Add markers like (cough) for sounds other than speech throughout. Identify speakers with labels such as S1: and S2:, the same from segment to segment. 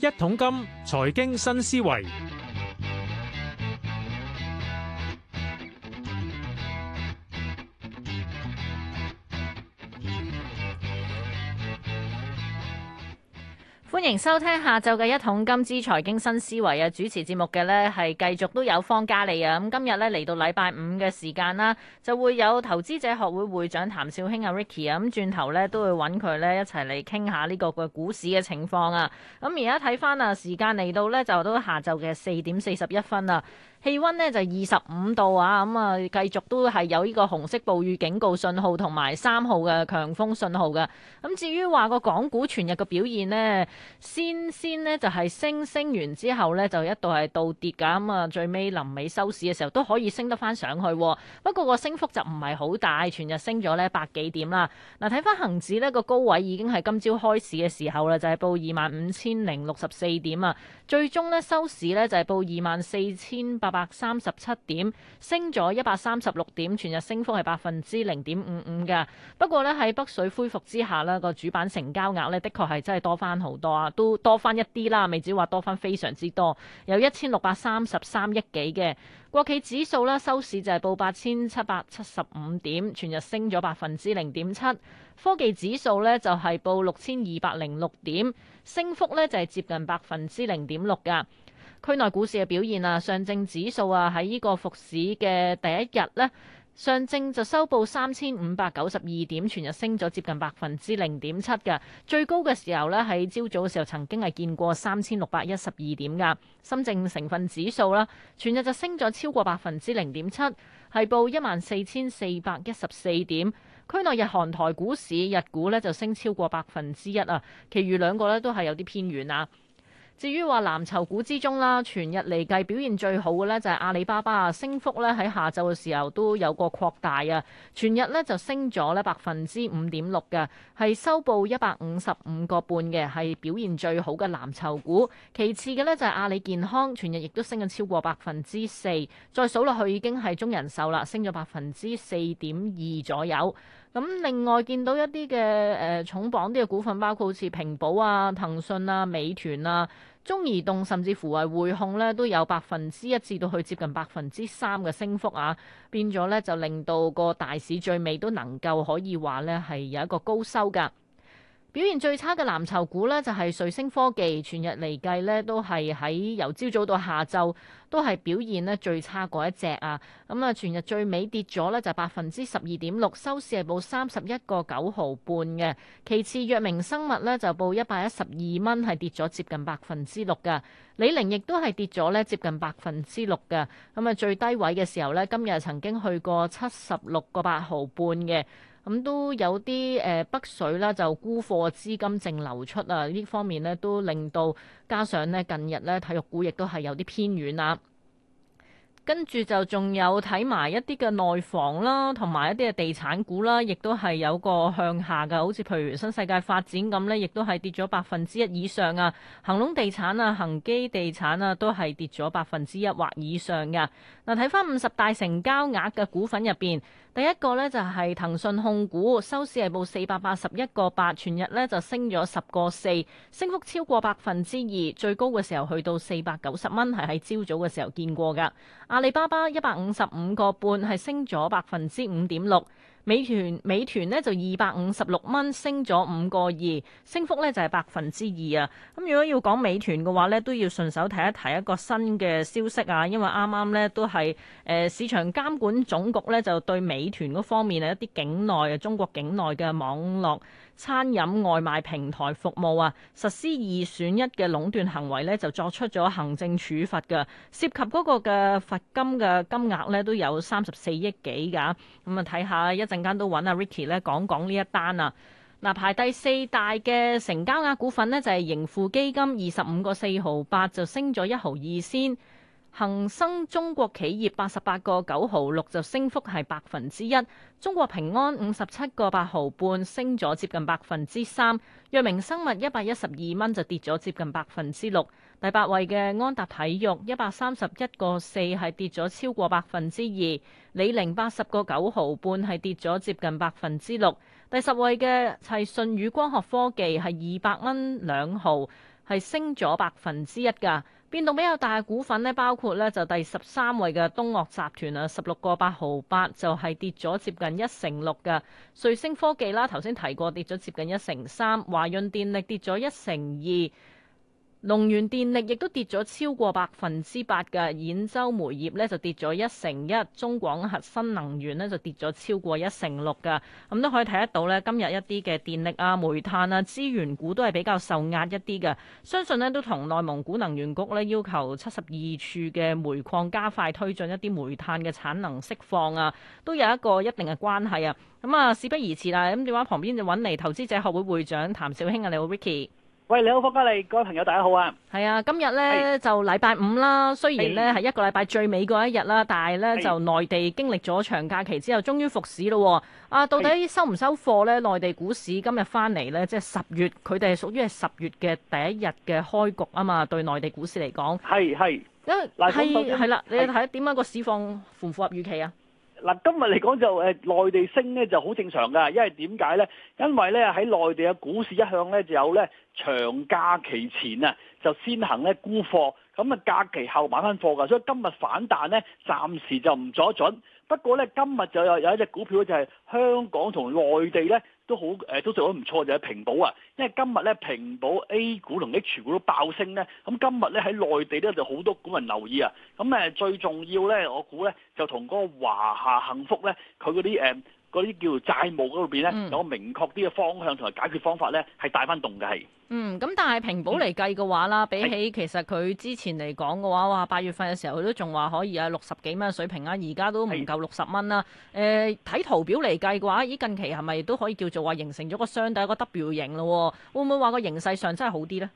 S1: 一桶金，財經新思維。
S2: 歡迎收聽下晝嘅一桶金之財經新思維啊！主持節目嘅呢係繼續都有方嘉莉啊！咁今日呢，嚟到禮拜五嘅時間啦，就會有投資者學會會長譚紹興啊 Ricky 啊，咁轉頭呢，都會揾佢呢一齊嚟傾下呢個嘅股市嘅情況啊！咁而家睇翻啊，時間嚟到呢，就都下晝嘅四點四十一分啦。氣溫呢就二十五度啊，咁啊繼續都係有呢個紅色暴雨警告信號同埋三號嘅強風信號嘅。咁至於話個港股全日嘅表現呢，先先呢就係升升完之後呢就一度係倒跌㗎，咁啊最尾臨尾收市嘅時候都可以升得翻上去。不過個升幅就唔係好大，全日升咗咧百幾點啦。嗱，睇翻恒指呢個高位已經係今朝開市嘅時候啦，就係報二萬五千零六十四點啊，最終呢收市呢就係報二萬四千八。八百三十七點，升咗一百三十六點，全日升幅係百分之零點五五嘅。不過呢，喺北水恢復之下呢個主板成交額呢，的確係真係多翻好多啊，都多翻一啲啦，未止話多翻非常之多，有一千六百三十三億幾嘅。國企指數呢，收市就係報八千七百七十五點，全日升咗百分之零點七。科技指數呢，就係報六千二百零六點，升幅呢，就係接近百分之零點六噶。區內股市嘅表現啊，上證指數啊喺呢個復市嘅第一日呢，上證就收報三千五百九十二點，全日升咗接近百分之零點七㗎，最高嘅時候呢，喺朝早嘅時候曾經係見過三千六百一十二點噶。深證成分指數啦，全日就升咗超過百分之零點七，係報一萬四千四百一十四點。區內日韓台股市日股呢就升超過百分之一啊，其餘兩個呢都係有啲偏軟啊。至於話藍籌股之中啦，全日嚟計表現最好嘅呢就係阿里巴巴啊，升幅咧喺下晝嘅時候都有個擴大啊，全日呢就升咗咧百分之五點六嘅，係收報一百五十五個半嘅，係表現最好嘅藍籌股。其次嘅呢就係阿里健康，全日亦都升咗超過百分之四，再數落去已經係中人壽啦，升咗百分之四點二左右。咁另外見到一啲嘅誒重磅啲嘅股份，包括好似平保啊、騰訊啊、美團啊、中移動，甚至乎係匯控咧，都有百分之一至到去接近百分之三嘅升幅啊！變咗咧就令到個大市最尾都能夠可以話咧係有一個高收㗎。表現最差嘅藍籌股呢，就係瑞星科技，全日嚟計呢，都係喺由朝早到下晝都係表現呢最差嗰一隻啊！咁啊，全日最尾跌咗呢，就百分之十二點六，收市係報三十一個九毫半嘅。其次，藥明生物呢，就報一百一十二蚊，係跌咗接近百分之六㗎。李寧亦都係跌咗呢，接近百分之六㗎。咁啊，最低位嘅時候呢，今日曾經去過七十六個八毫半嘅。咁都有啲誒北水啦，就沽貨資金淨流出啊！呢方面呢都令到加上呢近日呢體育股亦都係有啲偏遠啦。跟住就仲有睇埋一啲嘅內房啦，同埋一啲嘅地產股啦，亦都係有個向下嘅。好似譬如新世界發展咁呢，亦都係跌咗百分之一以上啊。恒隆地產啊，恒基地產啊，都係跌咗百分之一或以上嘅。嗱，睇翻五十大成交額嘅股份入邊。第一個咧，就係騰訊控股，收市係報四百八十一個八，全日咧，就升咗十個四，升幅超過百分之二，最高嘅時候去到四百九十蚊，係喺朝早嘅時候見過㗎。阿里巴巴一百五十五個半，係升咗百分之五點六。美團，美團呢就二百五十六蚊，升咗五個二，升幅呢就係百分之二啊。咁如果要講美團嘅話呢，都要順手提一提一個新嘅消息啊，因為啱啱呢都係誒、呃、市場監管總局呢，就對美團嗰方面啊一啲境內嘅中國境內嘅網絡。餐飲外賣平台服務啊，實施二選一嘅壟斷行為呢就作出咗行政處罰㗎，涉及嗰個嘅罰金嘅金額呢都有三十四億幾噶。咁啊，睇下一陣間都揾阿 Ricky 呢講講呢一單啊。嗱，排第四大嘅成交額股份呢就係盈富基金，二十五個四毫八就升咗一毫二先。恒生中國企業八十八個九毫六就升幅係百分之一，中國平安五十七個八毫半升咗接近百分之三，藥明生物一百一十二蚊就跌咗接近百分之六，第八位嘅安踏體育一百三十一個四係跌咗超過百分之二，李寧八十個九毫半係跌咗接近百分之六，第十位嘅係舜宇光學科技係二百蚊兩毫係升咗百分之一噶。變動比較大嘅股份咧，包括咧就第十三位嘅東岳集團啊，十六個八毫八，就係、是、跌咗接近一成六嘅瑞星科技啦。頭先提過跌咗接近一成三，華潤電力跌咗一成二。龍源電力亦都跌咗超過百分之八嘅，兗州煤業咧就跌咗一成一，中廣核新能源咧就跌咗超過一成六嘅。咁、嗯、都可以睇得到咧，今日一啲嘅電力啊、煤炭啊、資源股都係比較受壓一啲嘅。相信呢都同內蒙古能源局咧要求七十二處嘅煤礦加快推進一啲煤炭嘅產能釋放啊，都有一個一定嘅關係啊。咁、嗯、啊，事不宜遲啦，咁電話旁邊就揾嚟投資者學會會長譚紹興啊，你好，Ricky。喂，你好，方家利，各位朋友，大家好啊！係啊，今日咧就禮拜五啦，雖然咧係一個禮拜最尾嗰一日啦，但係咧就內地經歷咗長假期之後，終於復市咯。啊，到底收唔收貨咧？內地股市今日翻嚟咧，即係十月，佢哋係屬於係十月嘅第一日嘅開局啊嘛，對內地股市嚟講，係係，係係啦，你睇點樣個市況符唔符合預期啊？嗱，
S1: 今日嚟講就誒，內地升咧就好正常㗎，因為點解咧？因為咧喺內地嘅股市一向咧就有咧長假期前啊，就先行咧沽貨，咁啊假期後買翻貨㗎，所以今日反彈咧暫時就唔作準。不過咧，今日就有有一隻股票就係香港同內地咧，都好，誒、呃、都做得唔錯，就係、是、平保啊，因為今日咧平保 A 股同 H 股都爆升咧，咁、嗯、今日咧喺內地咧就好多股民留意啊，咁、嗯、誒最重要咧，我估咧就同嗰個華夏幸福咧，佢嗰啲誒。呃嗰啲叫債務嗰度邊咧有個明確啲嘅方向同埋解決方法咧，係帶翻動嘅係。
S2: 嗯，咁但係平保嚟計嘅話啦，比起其實佢之前嚟講嘅話，哇八月份嘅時候佢都仲話可以啊六十幾蚊嘅水平啊，而家都唔夠六十蚊啦。誒，睇圖表嚟計嘅話，咦近期係咪都可以叫做話形成咗個雙底個 W 形咯？會唔會話個形勢上真係好啲咧？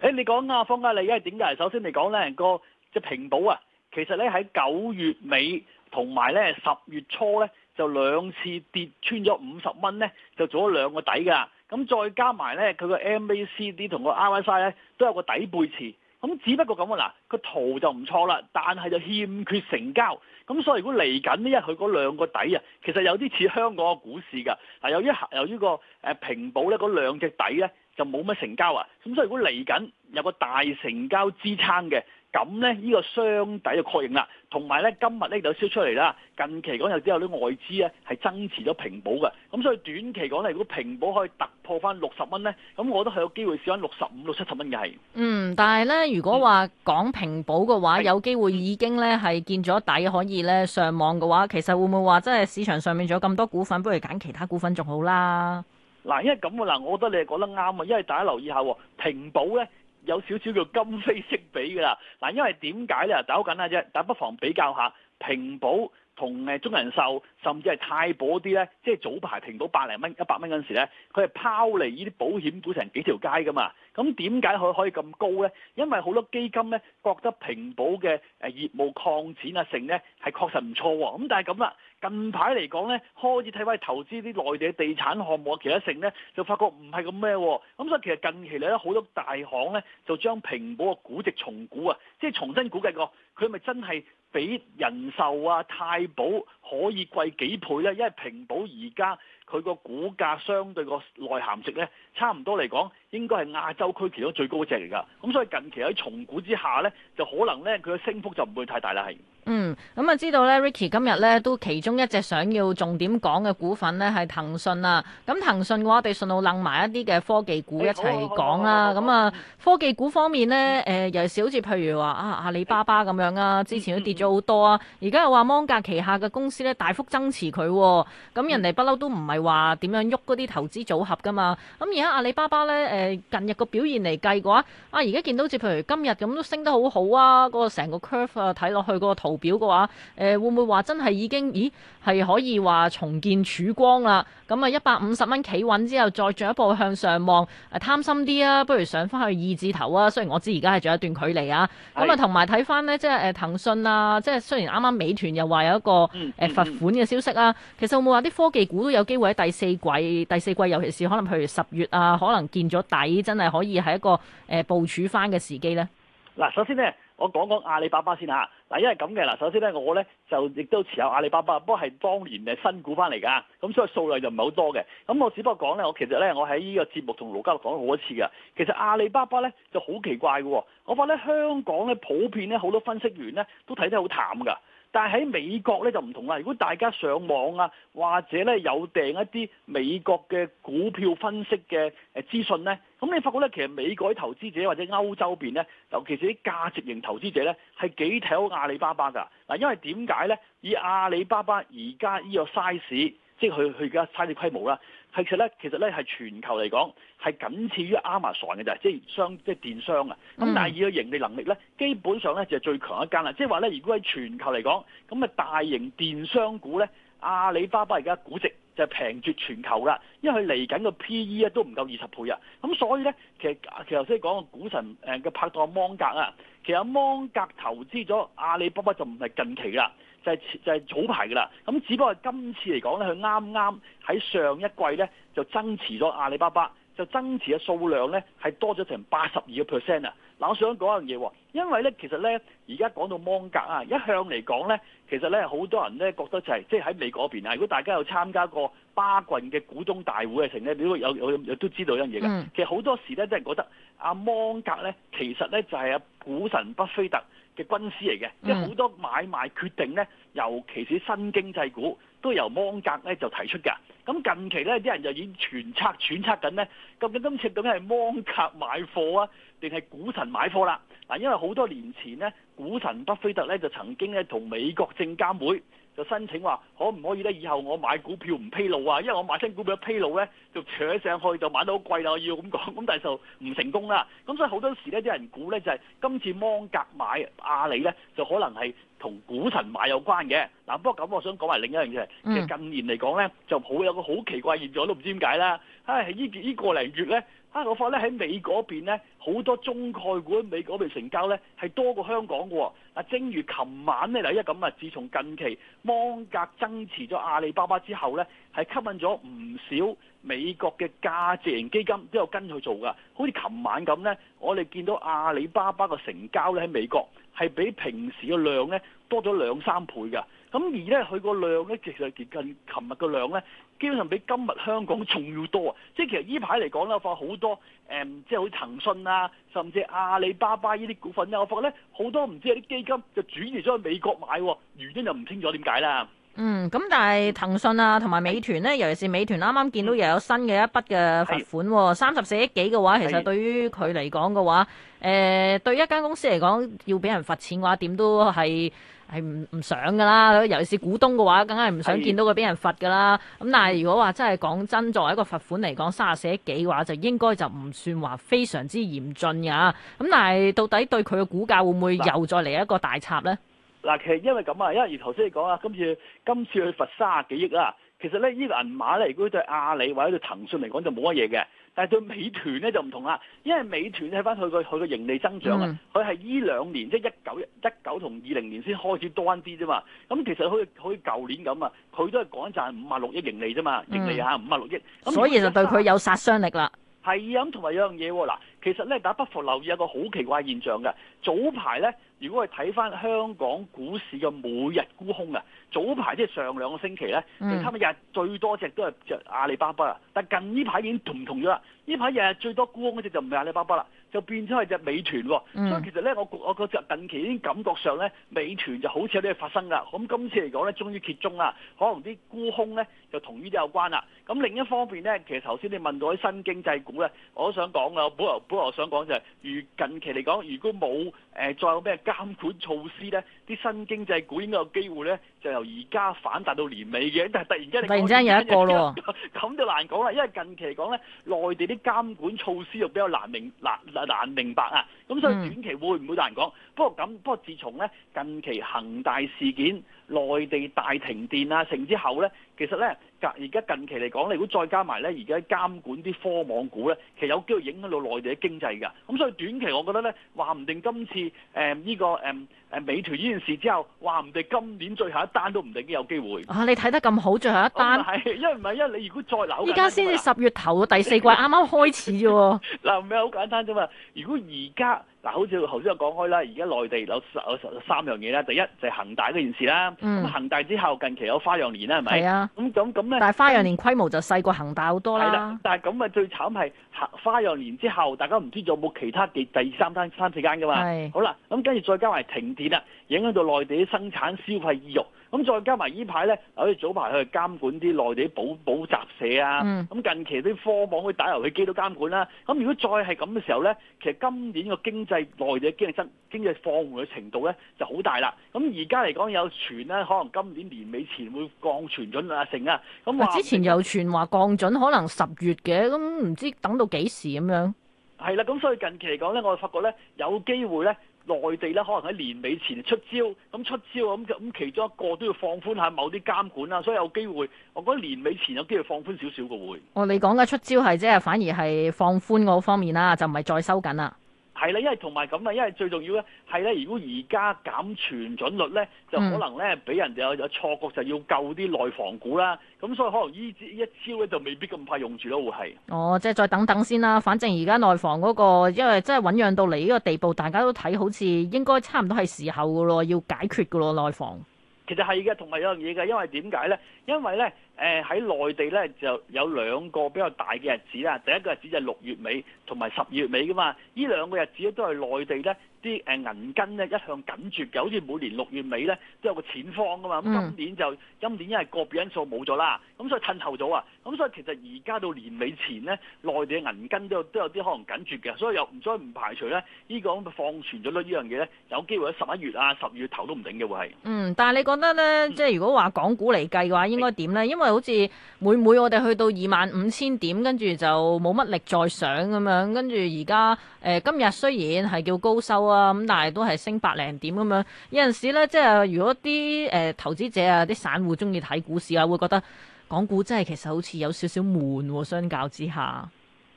S2: 誒，你講啊，方家利啊，你而家係點解？首先嚟
S1: 講咧，個即係平保啊。其實咧喺九月尾同埋咧十月初咧就兩次跌穿咗五十蚊咧，就做咗兩個底噶。咁再加埋咧佢個 MACD 同個 RSI 咧都有個底背馳。咁只不過咁喎嗱，個圖就唔錯啦，但係就欠缺成交。咁所以如果嚟緊呢一佢嗰兩個底啊，其實有啲似香港嘅股市㗎。嗱，由於由於個誒平保咧嗰兩隻底咧就冇乜成交啊。咁所以如果嚟緊有個大成交支撐嘅。咁呢，呢、這個雙底就確認啦。同埋呢今日呢就燒出嚟啦。近期講又之有只啲外資呢，係增持咗平保嘅。咁、嗯、所以短期講咧，如果平保可以突破翻六十蚊呢，咁我都係有機會試翻六十五、六七十蚊嘅係。
S2: 嗯，但係呢，如果話講平保嘅話，嗯、有機會已經呢係見咗底，可以呢。上網嘅話，其實會唔會話真係市場上面仲有咁多股份，不如揀其他股份仲好啦？嗱、嗯，因為咁啊，嗱，我覺
S1: 得你係講得啱啊。因為大家留意下，平保呢。有少少叫今非昔比噶啦，嗱，因為點解咧？鬥緊啊啫，但不妨比較下平保。同誒中人壽甚至係太保啲咧，即係早排平保百零蚊、一百蚊嗰陣時咧，佢係拋離呢啲保險股成幾條街噶嘛。咁點解佢可以咁高咧？因為好多基金咧覺得平保嘅誒業務擴展啊成呢，成咧係確實唔錯。咁但係咁啦，近排嚟講咧開始睇翻投資啲內地嘅地產項目啊，其他成咧就發覺唔係咁咩喎。咁所以其實近期嚟咧好多大行咧就將平保嘅估值重估啊，即係重新估計過，佢咪真係？比人壽啊、太保可以貴幾倍咧，因為平保而家佢個股價相對個內涵值咧，差唔多嚟講應該係亞洲區其中最高嗰隻嚟㗎。咁所以近期喺重估之下咧，就可能咧佢嘅升幅就唔會太大啦，係。
S2: 嗯，咁啊知道咧，Ricky 今日咧都其中一隻想要重點講嘅股份咧係騰訊啊。咁騰訊嘅話，我哋順路楞埋一啲嘅科技股一齊講啦。咁啊、嗯，科技股方面咧，誒、呃，尤其是好似譬如話啊阿里巴巴咁樣啊，之前都跌咗好多啊。而家又話芒格旗下嘅公司咧大幅增持佢、啊，咁、啊、人哋不嬲都唔係話點樣喐嗰啲投資組合噶嘛、啊。咁、嗯嗯、而家阿里巴巴咧，誒、呃、近日個表現嚟計嘅話，啊而家見到好似譬如今日咁都升得好好啊，嗰個成個 curve 啊睇落去嗰個圖。表嘅話，誒會唔會話真係已經？咦，係可以話重見曙光啦？咁啊，一百五十蚊企穩之後，再進一步向上望，誒貪心啲啊，不如上翻去二字頭啊！雖然我知而家係仲有一段距離啊，咁啊是，同埋睇翻呢，即係誒騰訊啊，即係雖然啱啱美團又話有一個誒罰款嘅消息啊，嗯嗯嗯、其實會唔會話啲科技股都有機會喺第四季？第四季尤其是可能譬如十月啊，可能見咗底，真係可以係一個誒部署翻嘅時機呢？嗱，首先呢。
S1: 我講講阿里巴巴先嚇，嗱，因為咁嘅，嗱，首先咧，我咧就亦都持有阿里巴巴，不過係當年嘅新股翻嚟㗎，咁所以數量就唔係好多嘅，咁我只不過講咧，我其實咧，我喺呢個節目同盧嘉樂講咗好多次㗎，其實阿里巴巴咧就好奇怪嘅，我發咧香港咧普遍咧好多分析員咧都睇得好淡㗎。但係喺美國咧就唔同啦，如果大家上網啊，或者咧有訂一啲美國嘅股票分析嘅誒資訊咧，咁你發覺咧，其實美國啲投資者或者歐洲邊咧，尤其是啲價值型投資者咧，係幾睇好阿里巴巴㗎嗱，因為點解咧？以阿里巴巴而家呢個 size，即係佢佢而家差啲規模啦。其實咧，其實咧係全球嚟講係僅次於 Amazon 嘅就即係商即係電商啊。咁但係佢盈利能力咧，基本上咧就係最強一間啦。即係話咧，如果喺全球嚟講，咁啊大型電商股咧，阿里巴巴而家估值就係平絕全球啦，因為佢嚟緊個 P/E 啊都唔夠二十倍啊。咁所以咧，其實其實頭先講個股神誒嘅拍檔芒格啊，其實芒格，格投資咗阿里巴巴就唔係近期啦。就係就係早排嘅啦，咁只不過今次嚟講咧，佢啱啱喺上一季咧就增持咗阿里巴巴，就增持嘅數量咧係多咗成八十二個 percent 啊！我想講一樣嘢喎，因為咧其實咧而家講到芒格啊，一向嚟講咧，其實咧好多人咧覺得就係、是、即係喺美國嗰邊啊。如果大家有參加過巴郡嘅股東大會嘅時候咧，你會有有有都知道一樣嘢嘅。其實好多時咧都係覺得阿芒格咧，其實咧就係啊，股神巴菲特嘅軍師嚟嘅，嗯、即係好多買賣決定咧，尤其是新經濟股。都由芒格咧就提出嘅，咁近期咧啲人就已揣測、揣測緊呢，究竟今次究竟係芒格買貨啊，定係股神買貨啦？嗱，因為好多年前呢，股神巴菲特咧就曾經咧同美國證監會就申請話，可唔可以咧以後我買股票唔披露啊？因為我買新股票披露咧，就扯上去就買得好貴啦，我要咁講，咁但係就唔成功啦。咁所以好多時咧啲人估咧就係今次芒格買阿里咧，就可能係。同股神買有關嘅，嗱不過咁，我想講埋另一樣嘢，即係、嗯、近年嚟講咧，就好有個好奇怪現象，都唔知點解啦。唉，依件依個零月咧，啊，我發現咧喺美國嗰邊咧，好多中概股喺美國嗰邊成交咧，係多過香港嘅。嗱，正如琴晚咧，嗱依家咁啊，自從近期芒格增持咗阿里巴巴之後咧，係吸引咗唔少美國嘅價值型基金都有跟佢做嘅。好似琴晚咁咧，我哋見到阿里巴巴嘅成交咧喺美國。係比平時嘅量咧多咗兩三倍㗎，咁而咧佢個量咧其實係接近琴日嘅量咧，基本上比今日香港仲要多啊！即係其實依排嚟講咧，我發好多誒、嗯，即係好似騰訊啊，甚至阿里巴巴呢啲股份咧，我發覺咧好多唔知有啲基金就轉移咗去美國買，啊，原因就唔清楚點解啦。
S2: 嗯，咁但係騰訊啊，同埋美團呢，尤其是美團啱啱見到又有新嘅一筆嘅罰款，三十四億幾嘅話，其實對於佢嚟講嘅話，誒，對一間公司嚟講，要俾人罰錢嘅話，點都係係唔唔想噶啦，尤其是股東嘅話，梗係唔想見到佢俾人罰噶啦。咁是但係如果話真係講真，作為一個罰款嚟講，三十四億幾嘅話，就應該就唔算話非常之嚴峻噶。咁但係到底對佢嘅股價會唔會又再嚟一個大插呢？
S1: 嗱，其實因為咁啊，因為如頭先你講啊，今次今次去罰卅幾億啦。其實咧，呢個銀碼咧，如果對阿里或者對騰訊嚟講就冇乜嘢嘅，但係對美團咧就唔同啦。因為美團睇翻佢個佢個盈利增長啊，佢係依兩年即係一九一九同二零年先開始多翻啲啫嘛。咁其實好似好似舊年咁啊，佢都係講賺五萬六億盈利啫嘛，盈利嚇五萬六億。嗯，所以就對佢
S2: 有殺傷力啦。
S1: 係咁，同埋有樣嘢喎，嗱，其實咧，大家不妨留意一個好奇怪現象㗎，早排咧。如果係睇翻香港股市嘅每日沽空啊，早排即係上兩個星期咧，Mm. 差唔多日日最多隻都係隻阿里巴巴啊。但係近呢排已經同唔同咗啦，呢排日日最多沽空嗰隻就唔係阿里巴巴啦，就變咗係隻美團。Mm. 所以其實咧，我我覺近期已經感覺上咧，美團就好似有啲嘢發生㗎。咁今次嚟講咧，終於揭盅啦，可能啲沽空咧就同呢啲有關啦。咁另一方面咧，其實頭先你問到啲新經濟股咧，我都想講啊，我本來我想講就係、是，如近期嚟講，如果冇誒、呃、再有咩？監管措施咧，啲新經濟股應該有機會咧。就由而家反彈到年尾嘅，但係突然間你突然間有一個咯，咁就難講啦。因為近期嚟講咧，內地啲監管措施又比較難明難難明白啊。咁所以短期會唔會難講？嗯、不過咁不過自從咧近期恒大事件、內地大停電啊成之後咧，其實咧隔而家近期嚟講，你如果再加埋咧而家監管啲科網股咧，其實有機會影響到內地嘅經濟㗎。咁所以短期我覺得咧，話唔定今次誒呢、嗯這個誒。嗯誒，美團呢件事之後，哇，話唔定今年最後一單都唔定有機會。啊，你睇得
S2: 咁好，最後一單係、
S1: 哦，因為唔係，因為你如果再留，依家先至十
S2: 月頭，第四季啱啱 (laughs) 開始啫。
S1: 嗱， (laughs) 唔係好簡單啫嘛，如果而家。嗱，好似頭先我講開啦，而家內地有有三樣嘢啦，第一就係恒大嗰件事啦。嗯。咁恒大之後近期有花樣年啦，係咪？係啊。
S2: 咁咁咁咧，但係花樣年規模就細過恒大好多啦。係啦。
S1: 但係咁啊，最慘係花花樣年之後，大家唔知仲有冇其他嘅第三間三四間噶嘛？係。好啦，咁跟住再加埋停電啦，影響到內地啲生產消費意欲。咁再加埋依排咧，可以早排去監管啲內地補補習社啊，咁、嗯、近期啲科網去打遊戲機都監管啦、啊。咁如果再係咁嘅時候咧，其實今年個經濟內地經濟增經濟放緩嘅程度咧就好大啦。咁而家嚟講有傳咧，可能今年年尾前會降存準啊成啊。咁之前
S2: 有傳話降準可能十月嘅，咁唔知等到幾時咁樣？
S1: 係啦，咁所以近期嚟講咧，我哋發覺咧有機會咧。內地咧可能喺年尾前出招，咁出招咁咁其中一個都要放寬下某啲監管啦，所以有機會，我覺得年尾前有機會放寬少少個會。
S2: 哦，你講嘅出招係即係反而係放寬嗰方面啦，就唔係再收緊啦。
S1: 係啦，因為同埋咁啊，因為最重要咧，係咧，如果而家減存準率咧，就可能咧俾人哋有有錯覺就要救啲內房股啦，咁所以可能呢一招咧就未必咁快用住咯，會係。
S2: 哦，即係再等等先啦，反正而家內房嗰個，因為真係醞釀到嚟呢個地步，大家都睇好似應該差唔多係時候噶咯，要解決噶咯內房。
S1: 其實係嘅，同埋有樣嘢嘅，因為點解咧？因為咧。誒喺內地咧就有兩個比較大嘅日子啦，第一個日子就係六月尾同埋十月尾噶嘛，呢兩個日子咧都係內地咧啲誒銀根咧一向緊絕嘅，好似每年六月尾咧都有個錢荒噶嘛，咁今年就今年因為個別因素冇咗啦，咁所以褪後咗啊，咁所以其實而家到年尾前咧，內地嘅銀根都都有啲可能緊絕嘅，所以又唔所以唔排除咧呢個放存咗呢呢樣嘢咧有機會喺十一月啊、十月頭都唔定嘅會係。
S2: 嗯，但係你覺得咧，即係如果話港股嚟計嘅話，應該點咧？因為就好似每每我哋去到二萬五千點，跟住就冇乜力再上咁樣，跟住而家誒今日雖然係叫高收啊，咁但係都係升百零點咁樣。有陣時呢，即係如果啲誒、呃、投資者啊、啲散戶中意睇股市啊，會覺得港股真係其實好似有少少悶、啊。相較之下，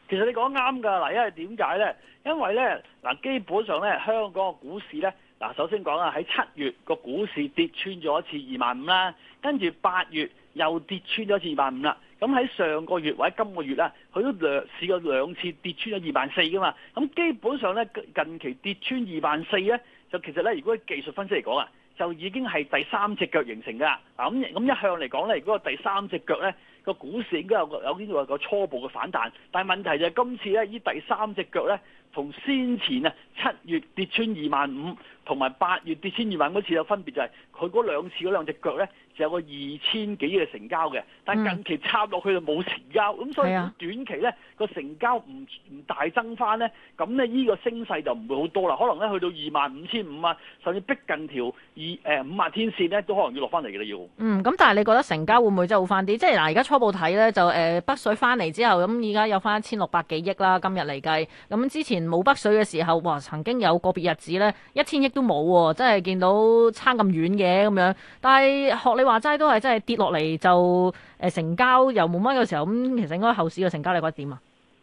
S2: 其實你
S1: 講啱㗎嗱，因為點解呢？因為呢，嗱，基本上呢，香港嘅股市呢，嗱首先講啊，喺七月個股市跌穿咗一次二萬五啦，跟住八月。又跌穿咗二萬五啦，咁喺上個月或者今個月啦，佢都兩試過兩次跌穿咗二萬四噶嘛，咁基本上咧近期跌穿二萬四咧，就其實咧如果係技術分析嚟講啊，就已經係第三隻腳形成㗎，啦咁咁一向嚟講咧，如果第三隻腳咧個股市應該有個有啲話個初步嘅反彈，但係問題就係今次咧呢第三隻腳咧。同先前啊七月跌穿二萬五，同埋八月跌穿二萬五嗰次有分別，就是，就係佢嗰兩次嗰兩隻腳咧，就有個二千幾億嘅成交嘅。但係近期插落去就冇成交，咁、嗯、所以短期咧個成交唔唔大增翻咧，咁咧呢個升勢就唔會好多啦。可能咧去到二萬五千五啊，甚至逼近條二誒五萬天線咧，都可能要落翻嚟嘅要。
S2: 嗯，咁但係你覺得成交會唔會真係好翻啲？即係嗱，而家初步睇咧就誒、呃、北水翻嚟之後，咁而家有翻一千六百幾億啦，今日嚟計，咁之前。冇北水嘅時候，哇，曾經有個別日子呢，一千億都冇喎，真係見到差咁遠嘅咁樣。但係學你話齋，都係真係跌落嚟，就誒、呃、成交又冇乜嘅時候咁、嗯，其實應該後市嘅成交你覺得點啊？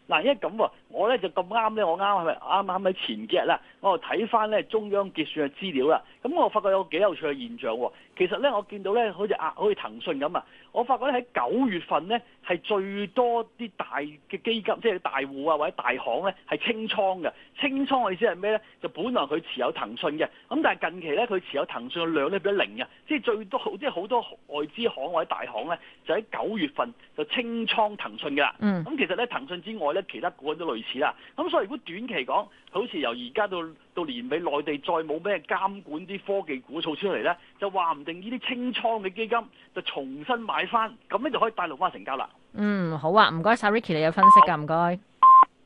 S1: 嗱，因為咁。我咧就咁啱咧，我啱係咪啱啱喺前幾日啦？我睇翻咧中央結算嘅資料啦，咁我發覺有個幾有趣嘅現象喎。其實咧，我見到咧，好似亞，好似騰訊咁啊，我發覺咧喺九月份咧係最多啲大嘅基金，即係大戶啊或者大行咧係清倉嘅。清倉嘅意思係咩咧？就本來佢持有騰訊嘅，咁但係近期咧佢持有騰訊嘅量咧變咗零呀，即係最多，即係好多外資行或者大行咧就喺九月份就清倉騰訊㗎啦。嗯，咁其實咧騰訊之外咧，其他股都類類似啦，咁所以如果短期講，好似由而家到到年尾，內地再冇咩監管啲科技股掃出嚟呢，就話唔定呢啲清倉嘅基金就重新買翻，咁呢就可以帶動翻成交啦。嗯，
S2: 好啊，唔該晒 Ricky，你有分析噶，唔該。